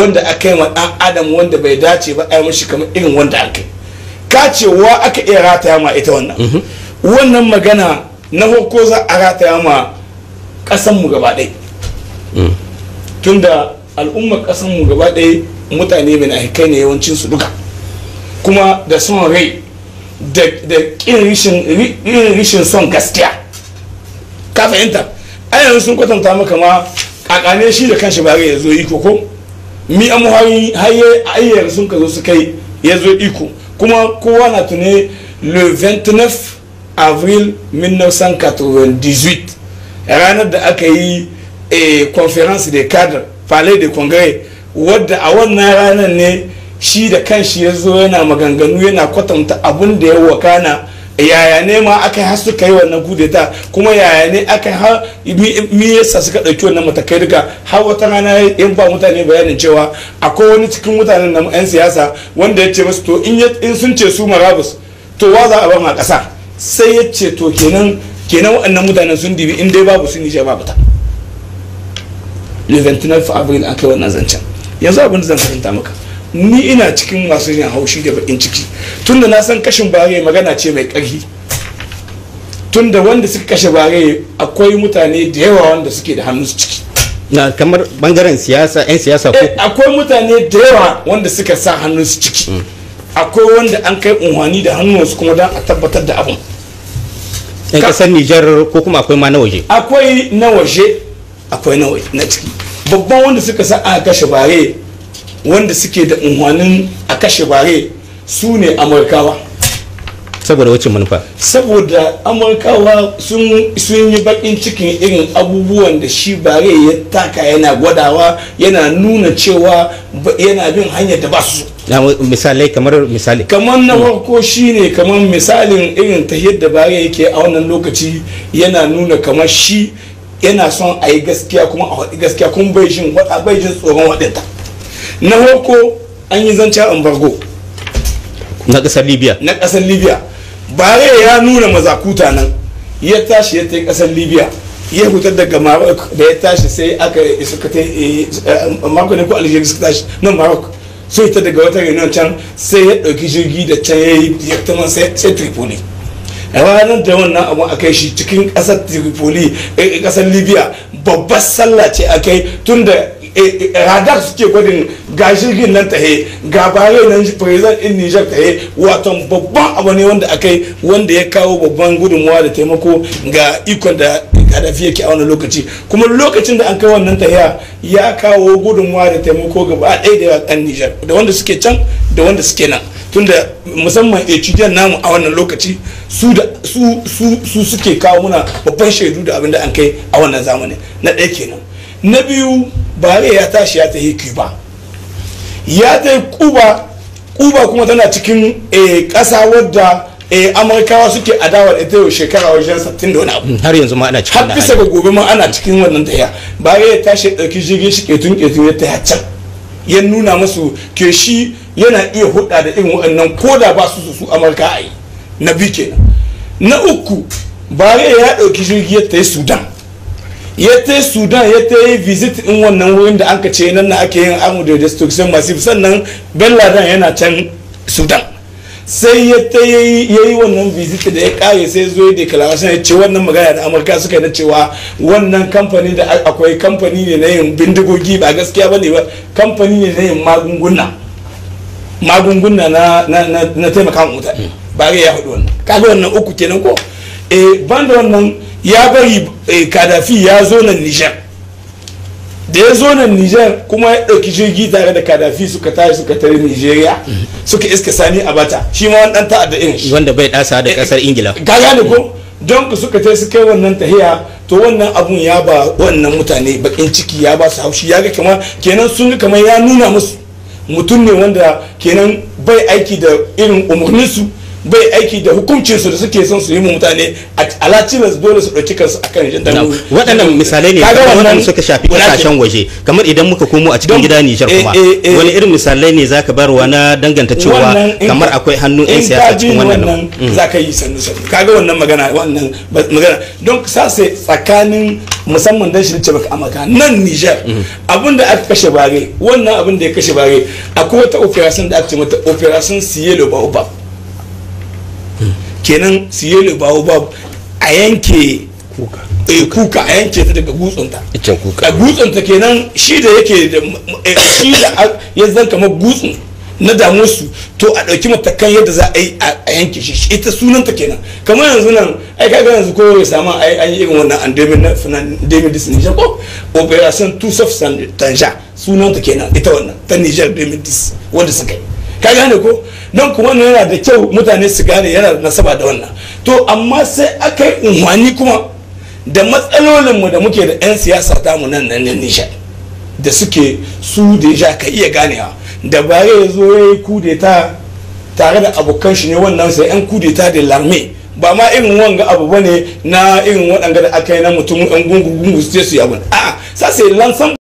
wanda aka yi wa ɗan adam wanda bai dace ba ai mashi kamar irin wanda aka yi ka ce wa aka iya rataya ma ita wannan mhm. wannan magana na farko za a rataya ma ƙasanmu gaba ɗaya mm. tunda al'ummar ƙasanmu gaba ɗaya mutane mai na ne yawancinsu duka kuma da son rai da ƙin rishin son gaskiya ka fahimta a sun kwatanta maka ma ƙaƙane shi da kanshi ba ya zo yi ko mi an haye ayyar sun kazo su kai ya zo iko kuma kowa na tune le 29 avril 1998 ranar da aka yi a eh, conference de cadre palais de congrès wadda a wannan ranar ne shi da kanshi ya zo yana maganganu yana kwatanta abun da ya wakana yaya ne ma aka har suka kai wannan kudeta kuma yaya ne aka har mi yasa suka dauki wannan matakai duka har wata rana in ba mutane bayanin cewa akwai wani cikin mutanen nan 'yan siyasa wanda ya ce musu to in sun ce su marabus to wa za a ba ma ƙasa sai ya ce to kenan kenan waɗannan mutanen sun dibi in dai babu sun nijar babu ta le 29 avril an kai wannan zancen yanzu abin da zan fahimta maka ni ina cikin masu yin haushi da bakin ciki tunda na san kashin bare magana ce mai ƙarfi tunda wanda suka kashe bare akwai mutane da yawa wanda suke da hannun ciki na kamar bangaren siyasa 'yan siyasa ko eh, akwai mutane da yawa wanda suka sa hannun su ciki mm. akwai wanda an kai unhwani da hannunsu kuma don a tabbatar da abin yan kasar nijar ko kuma akwai ma na waje akwai na waje akwai na ciki babban wanda suka sa aka kashe bare wanda suke da unhwanin a kashe bare su ne amurkawa saboda wacce manufa saboda amurkawa sun yi bakin cikin irin abubuwan da shi bare ya taka yana gwadawa yana nuna cewa yana bin hanyar da ba su misalai kamar misali kamar na farko shine kamar misalin irin ta yadda bare yake a wannan lokaci yana nuna kamar shi yana son a yi gaskiya kuma a gaskiya kuma bai jin tsoron waɗanta na hoko an yi zancen ambargo na kasar libya na kasar libya bare ya nuna mazakuta nan ya tashi ya ta kasar libya ya hutar da maroc da ya tashi sai aka suka ta eh, mako ne ko algeria suka tashi nan maroc sai ta daga wata reunion can sai ya dauki jirgi da can ya yi direktaman sai tripoli ranar da wannan abu a kai shi cikin kasar tripoli kasar eh, libya babbar sallah ce a kai tun da Eh, eh, radar suke gwadin ga jirgin nan tahe ga bare nan president in Niger tahe wato babban abu ne wanda akai wanda ya kawo babban gudunmuwa da taimako ga ikon da Gaddafi yake a wannan lokaci kuma lokacin da an kai wannan tahiya ya kawo gudunmuwa da taimako gaba ɗaya da yakan nijar da wanda suke can da wanda suke nan tunda musamman cikin namu a wannan lokaci su da su su suke kawo muna babban shaidu da abinda an kai a wannan zamani na ɗaya kenan na biyu bare ya tashi ya tafi cuba ya ta kuba kuba kuma tana cikin eh, ƙasa wadda eh, amurkawa suke adawa da ita shekara wajen sattin da wani abu har yanzu ma ana cikin har bisa ga gobe ma ana cikin wannan ba ya tashi ya ɗauki jirgin shi ketun ketun ya ta can ya nuna musu ke shi yana iya huɗa da irin waɗannan ko da ba su su amurka a yi na biyu kenan na uku bare ya ɗauki jirgi ya ta yi sudan ya ta sudan ya ta yi visit in wannan wurin da anka ce nan na ake yin amu da destruction massive sannan bin laden yana can sudan sai ya ta yi wannan visit da ya kare sai zo ya declaration ya ce wannan magana da amurka suka na cewa wannan kamfani da akwai kamfani ne na yin bindigogi ba gaskiya ba ne ba kamfani ne na yin magunguna magunguna na taimaka mutane ba ya hudu wannan kaga wannan uku kenan ko e eh, ban da wannan ya bari eh, kadafi ya zo nan nijar da ya zo nan nijar kuma ya ɗauki jirgi tare da kadafi suka tashi suka tare nigeria suka iska sani a bata shi ma wani ɗan ta'adda irin shi wanda bai ɗasa da eh, ƙasar ingila ka gane ko don ku suka tai su kai wannan tahiya to wannan abun ya ba wannan mutane bakin ciki ya ba su haushi ya ga kamar kenan sun kamar ya nuna musu mutum ne wanda kenan bai aiki da irin umarninsu bai aiki da hukuncin su da suke son su yi mu mutane ala tilas dole su dauki kansu akan jandarmomi waɗannan misalai ne wannan suka shafi kasashen waje kamar idan muka komo a cikin gida Nijar kuma eh, eh, eh. wani irin misalai ne zaka barwa na danganta cewa kamar akwai hannu yan siyasa cikin wannan mm. zaka yi sannu sannu kaga wannan magana wannan magana don sase tsakanin musamman dan shirin cebaka amaka nan Nijar mm. abinda aka kashe bare wannan abin da ya kashe bare akwai wata operation da aka ce mata operation Cielo Baobab kenan yi bawo ba a yanke eh, kuka a yanke ta daga gutsunta a gutsunta kenan shi da yake da eh, shi da ya zan kamar gutsun na damuwarsu to a ɗauki matakan yadda za a yi a yanke shi ita sunanta kenan kamar yanzu nan ai kaga yanzu ko ya samu an yi irin wannan andemin na andemin dis Niger ko operation two tanja sunanta kenan ita wannan ta Niger andemin dis wanda suka yi ka gane ko don kuma wannan yana da kyau mutane su gane yana nasaba da wannan to amma sai aka yi unwani kuma da matsalolinmu da muke da 'yan siyasa tamu nan nan nisha da suke su deja ka iya ganewa da bare ya zo ya yi kudeta tare da abokan shi ne wannan sai 'yan kudeta da larme ba ma irin wanga abu bane na irin waɗanda da aka yi na mutum 'yan gungu gungu su je su yi a'a sai lansan